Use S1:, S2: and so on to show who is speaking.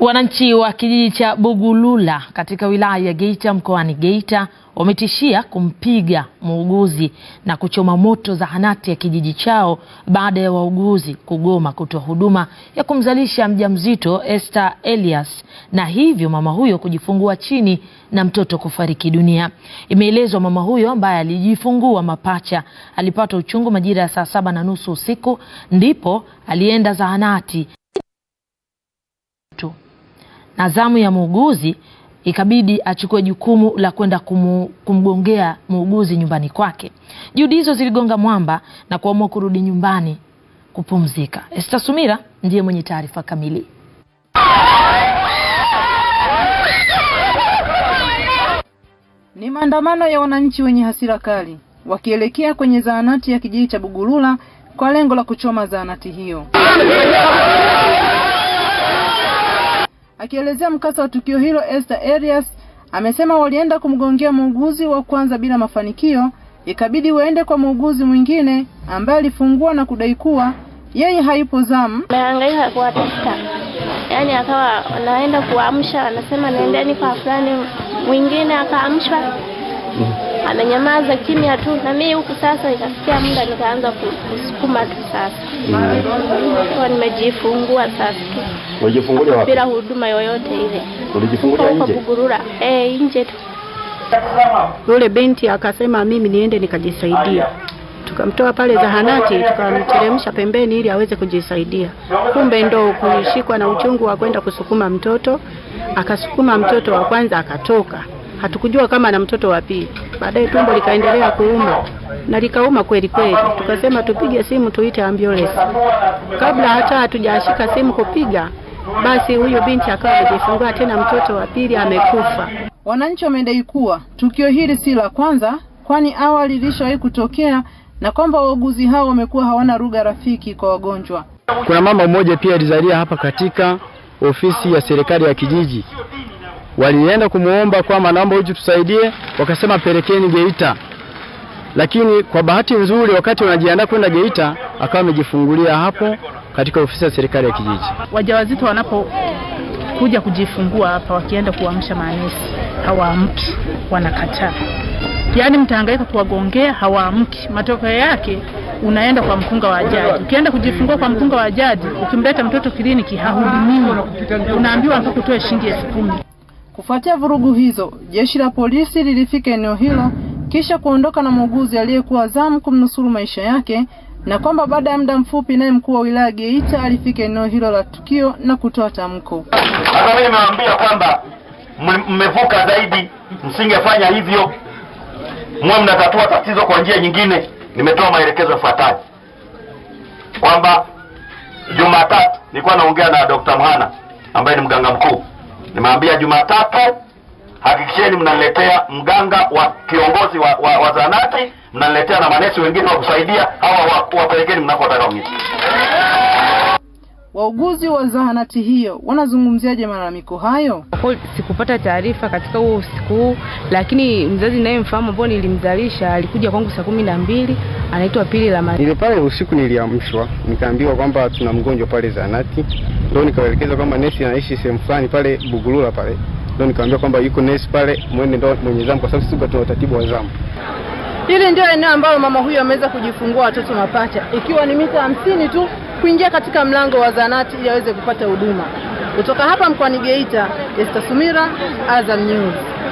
S1: Wananchi wa kijiji cha Bugulula katika wilaya ya Geita mkoani Geita wametishia kumpiga muuguzi na kuchoma moto zahanati ya kijiji chao baada ya wauguzi kugoma kutoa huduma ya kumzalisha mjamzito Esther Elias na hivyo mama huyo kujifungua chini na mtoto kufariki dunia. Imeelezwa mama huyo ambaye alijifungua mapacha alipata uchungu majira ya saa saba na nusu usiku ndipo alienda zahanati na zamu ya muuguzi ikabidi achukue jukumu la kwenda kumgongea muuguzi nyumbani kwake. Juhudi hizo ziligonga mwamba na kuamua kurudi nyumbani kupumzika. Esta Sumira ndiye mwenye taarifa kamili.
S2: Ni maandamano ya wananchi wenye hasira kali wakielekea kwenye zahanati ya kijiji cha bugulula kwa lengo la kuchoma zahanati hiyo. Akielezea mkasa wa tukio hilo, Esther arias amesema walienda kumgongea muuguzi wa kwanza bila mafanikio, ikabidi waende kwa muuguzi mwingine ambaye alifungua na kudai kuwa yeye hayupo zamu.
S3: Amehangaika kuwatafuta, yaani akawa anaenda kuamsha, anasema naendeni kwa fulani, mwingine akaamshwa amenyamaza kimya tu, na mimi huku sasa nikafikia muda nikaanza kusukuma tu sasa mm. kwa nimejifungua sasa tu.
S4: Ulijifungulia wapi? Bila
S3: huduma yoyote ile.
S4: Ulijifungulia nje?
S3: Bugurura. Eh, nje tu.
S5: Yule binti akasema mimi niende nikajisaidia. Tukamtoa pale zahanati, tukamteremsha pembeni ili aweze kujisaidia. Kumbe ndo kulishikwa na uchungu wa kwenda kusukuma mtoto, akasukuma mtoto wa kwanza akatoka. Hatukujua kama na mtoto wa pili. Baadaye tumbo likaendelea kuuma na likauma kweli kweli, tukasema tupige simu tuite ambulance. Kabla hata hatujashika simu kupiga, basi huyo binti akawa amejifungua tena mtoto wa pili amekufa.
S2: Wananchi wamedai kuwa tukio hili si la kwanza, kwani awali lilishawahi kutokea na kwamba wauguzi hao wamekuwa hawana lugha rafiki kwa wagonjwa.
S6: Kuna mama mmoja pia alizalia hapa katika ofisi ya serikali ya kijiji walienda kumuomba kwamba naomba uje tusaidie, wakasema pelekeni Geita. Lakini kwa bahati nzuri, wakati wanajiandaa kwenda Geita, akawa amejifungulia hapo katika ofisi ya serikali ya kijiji.
S7: Wajawazito wanapokuja kujifungua hapa, wakienda kuamsha manesi hawaamki, wanakataa. Yaani mtahangaika kuwagongea, hawaamki. Matokeo yake unaenda kwa mkunga wa jadi. Ukienda kujifungua kwa mkunga wa jadi, ukimleta mtoto kliniki hahudumiwi, unaambiwa mpaka utoe shilingi elfu kumi.
S2: Kufuatia vurugu hizo, jeshi la polisi lilifika eneo hilo kisha kuondoka na muuguzi aliyekuwa zamu kumnusuru maisha yake, na kwamba baada ya muda mfupi naye mkuu wa wilaya Geita alifika eneo hilo la tukio na kutoa tamko.
S8: Sasa mimi kwamba mmevuka zaidi, msingefanya hivyo, mwe mnatatua tatizo kwa njia nyingine. Nimetoa maelekezo yafuatayo kwamba Jumatatu nilikuwa naongea na Dr. Mhana ambaye ni mganga mkuu Nimeambia Jumatatu, hakikisheni mnaletea mganga wa kiongozi wa, wa, wa zanati, mnaletea na manesi wengine wa kusaidia hawa, wapelekeni mnakotaka mimi.
S2: Wauguzi wa zahanati hiyo wanazungumziaje malalamiko hayo?
S9: Sikupata taarifa katika huo usiku huu, lakini mzazi mfahamu ambao nilimzalisha alikuja kwangu saa kumi na mbili anaitwa Pili la
S10: Ile pale usiku niliamshwa nikaambiwa kwamba tuna mgonjwa pale zahanati ndio nikaelekezwa kwamba nesi anaishi sehemu fulani pale Bugurula pale, ndio nikamwambia kwamba yuko nesi pale, mwende ndio mwenye zamu, kwa sababu sisi tuna utaratibu wa zamu.
S2: Hili ndio eneo ambalo mama huyu ameweza kujifungua watoto mapacha, ikiwa ni mita hamsini tu kuingia katika mlango wa zanati ili aweze kupata huduma. Kutoka hapa mkoani Geita, Esther Sumira, Azam News.